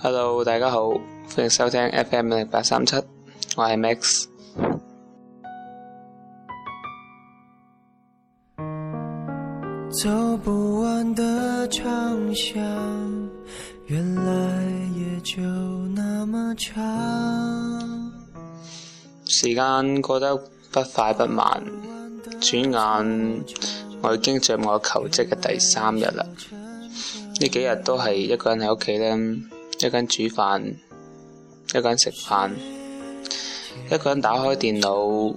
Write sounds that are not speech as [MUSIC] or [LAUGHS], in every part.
Hello 大家好，歡迎收聽 FM 零八三七，我係 Max。走不完的長巷，原來也就那麼長。時間過得不快不慢，轉眼我已經在我求職嘅第三日啦。呢幾日都係一個人喺屋企咧。一個人煮飯，一個人食飯，一個人打開電腦，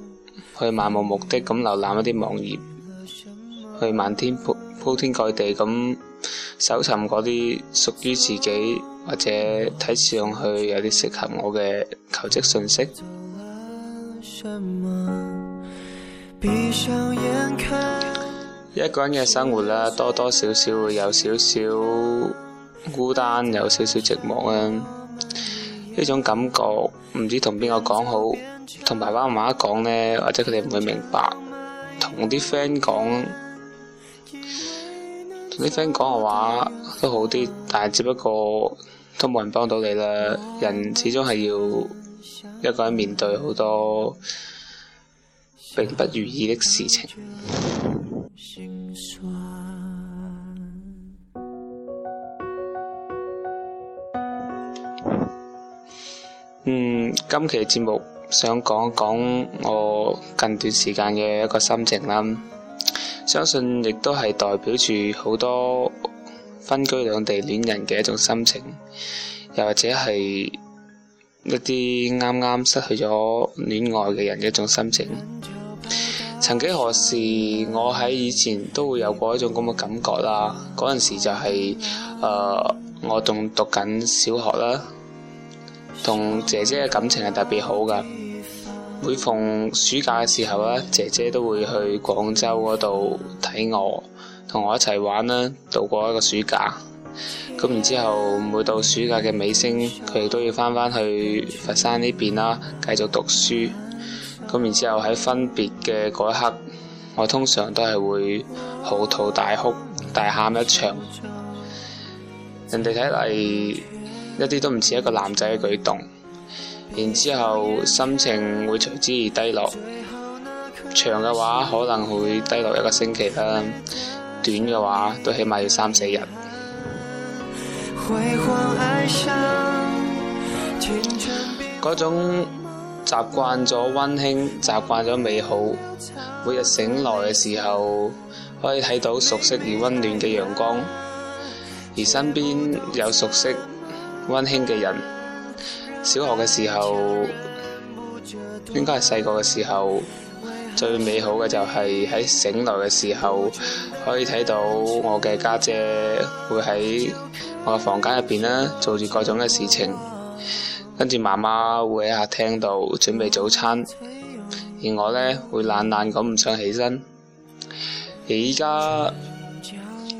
去漫無目的咁瀏覽一啲網頁，去漫天鋪天蓋地咁搜尋嗰啲屬於自己或者睇上去有啲適合我嘅求職信息。嗯、一個人嘅生活啦，多多少少會有少少，孤單，有少少寂寞啊！呢種感覺唔知同邊個講好，同爸爸媽媽講呢，或者佢哋唔會明白。同啲 friend 講，同啲 friend 講嘅話都好啲，但係只不過都冇人幫到你啦。人始終係要一個人面對好多並不如意的事情。今期節目想講講我近段時間嘅一個心情啦，相信亦都係代表住好多分居兩地戀人嘅一種心情，又或者係一啲啱啱失去咗戀愛嘅人嘅一種心情。曾幾何時，我喺以前都會有過一種咁嘅感覺啦，嗰陣時就係、是、誒、呃，我仲讀緊小學啦。同姐姐嘅感情係特別好㗎，每逢暑假嘅時候啦，姐姐都會去廣州嗰度睇我，同我一齊玩啦，度過一個暑假。咁然之後，每到暑假嘅尾聲，佢哋都要翻返去佛山呢邊啦，繼續讀書。咁然之後喺分別嘅嗰一刻，我通常都係會嚎啕大哭、大喊一場。人哋睇嚟，一啲都唔似一個男仔嘅舉動，然之後心情會隨之而低落，長嘅話可能會低落一個星期啦，短嘅話都起碼要三四日。嗰、嗯、種習慣咗溫馨，習慣咗美好，每日醒來嘅時候可以睇到熟悉而溫暖嘅陽光，而身邊有熟悉。溫馨嘅人，小學嘅時候，應該係細個嘅時候，最美好嘅就係喺醒來嘅時候，可以睇到我嘅家姐會喺我嘅房間入邊啦，做住各種嘅事情，跟住媽媽會喺客廳度準備早餐，而我咧會懶懶咁唔想起身，而依家，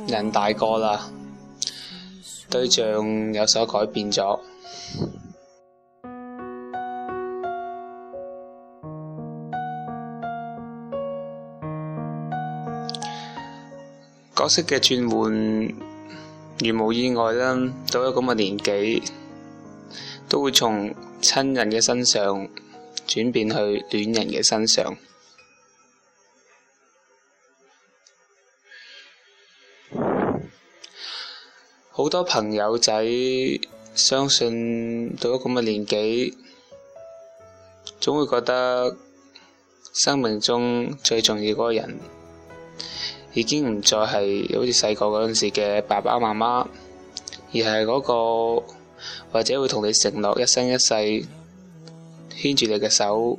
人大個啦。對象有所改變咗， [MUSIC] 角色嘅轉換，如無意外啦，到咗咁嘅年紀，都會從親人嘅身上轉變去戀人嘅身上。好多朋友仔相信到咗咁嘅年紀，總會覺得生命中最重要嗰個人已經唔再係好似細個嗰陣時嘅爸爸媽媽，而係嗰個或者會同你承諾一生一世牽住你嘅手，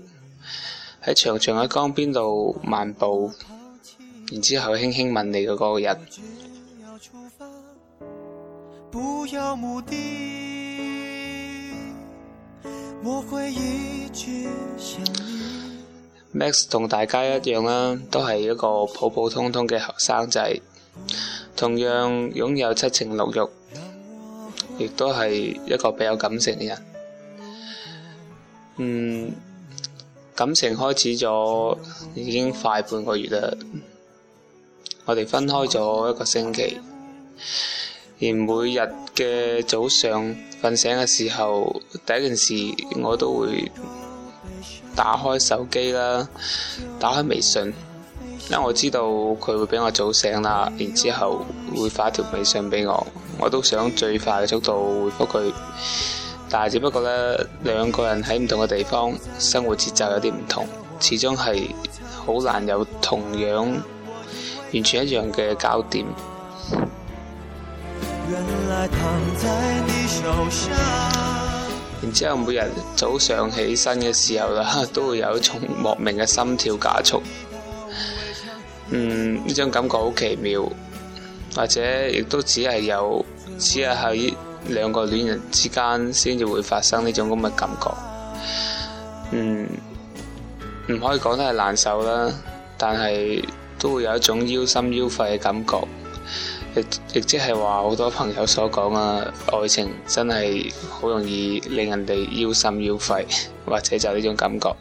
喺長長嘅江邊度漫步，然之後輕輕吻你嘅嗰個人。Max 同大家一樣啦，都係一個普普通通嘅學生仔，同樣擁有七情六欲，亦都係一個比較感性嘅人。嗯，感情開始咗已經快半個月啦，我哋分開咗一個星期。而每日嘅早上瞓醒嘅時候，第一件事我都會打開手機啦，打開微信，因為我知道佢會比我早醒啦，然之後會發條微信俾我，我都想最快嘅速度回覆佢，但係只不過咧，兩個人喺唔同嘅地方，生活節奏有啲唔同，始終係好難有同樣完全一樣嘅搞掂。然之後每日早上起身嘅時候啦，都會有一種莫名嘅心跳加速。嗯，呢種感覺好奇妙，或者亦都只係有，只係喺兩個戀人之間先至會發生呢種咁嘅感覺。嗯，唔可以講得係難受啦，但係都會有一種腰心腰肺嘅感覺。亦即係話，好多朋友所講啊，愛情真係好容易令人哋腰心腰肺，或者就呢種感覺。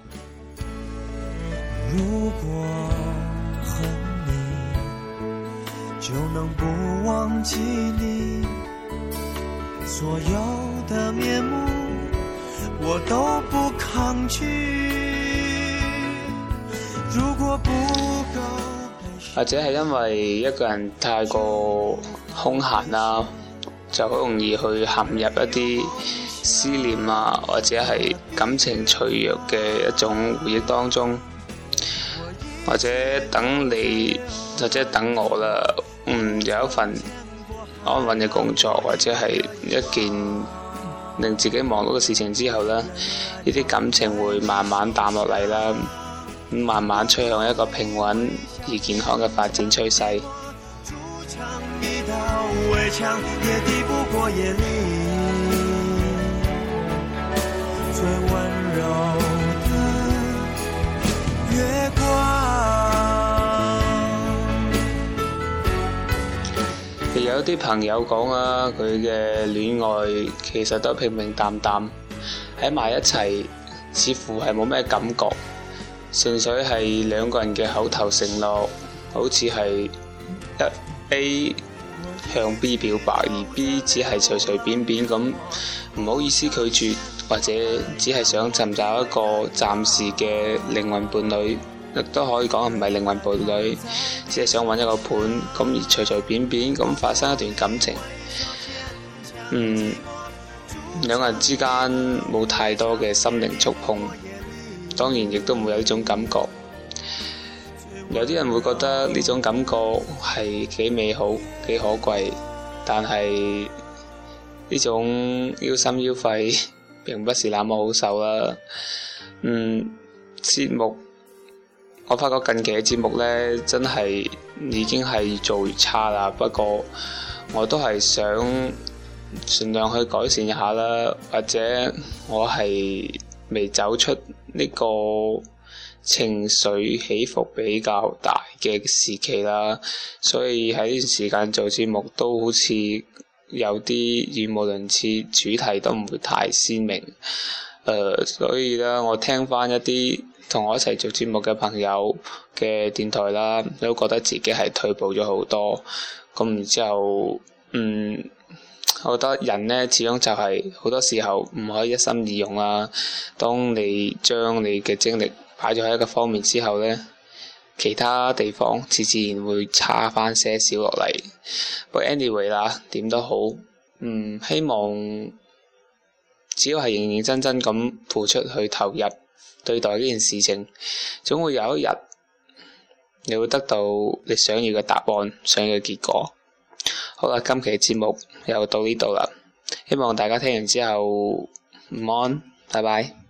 或者係因為一個人太過空閒啊，就好容易去陷入一啲思念啊，或者係感情脆弱嘅一種回憶當中。或者等你，或者等我啦。嗯，有一份安穩嘅工作，或者係一件令自己忙碌嘅事情之後呢，呢啲感情會慢慢淡落嚟啦。慢慢趨向一個平穩而健康嘅發展趨勢。 [MUSIC] 有啲朋友講啊，佢嘅戀愛其實都平平淡淡，喺埋一齊似乎係冇咩感覺。純粹係兩個人嘅口頭承諾，好似係一 A 向 B 表白，而 B 只係隨隨便便咁唔好意思拒絕，或者只係想尋找一個暫時嘅靈魂伴侶，亦都可以講唔係靈魂伴侶，只係想揾一個伴，咁而隨隨便便咁發生一段感情。嗯，兩個人之間冇太多嘅心靈觸碰。當然亦都唔會有呢種感覺。有啲人會覺得呢種感覺係幾美好、幾可貴，但係呢種腰心腰肺 [LAUGHS] 並不是那麼好受啦。嗯，節目我發覺近期嘅節目咧，真係已經係越做越差啦。不過我都係想盡量去改善一下啦，或者我係未走出呢個情緒起伏比較大嘅時期啦，所以喺呢段時間做節目都好似有啲語無倫次，主題都唔會太鮮明。誒、呃，所以咧，我聽翻一啲同我一齊做節目嘅朋友嘅電台啦，都覺得自己係退步咗好多。咁然之後，嗯。我覺得人呢，始終就係、是、好多時候唔可以一心二用啊！當你將你嘅精力擺咗喺一個方面之後呢，其他地方自自然會差翻些少落嚟。But anyway 啦，點都好，嗯，希望只要係認認真真咁付出去投入對待呢件事情，總會有一日，你會得到你想要嘅答案，想要嘅結果。好啦，今期嘅節目又到呢度啦，希望大家聽完之後午安，拜拜。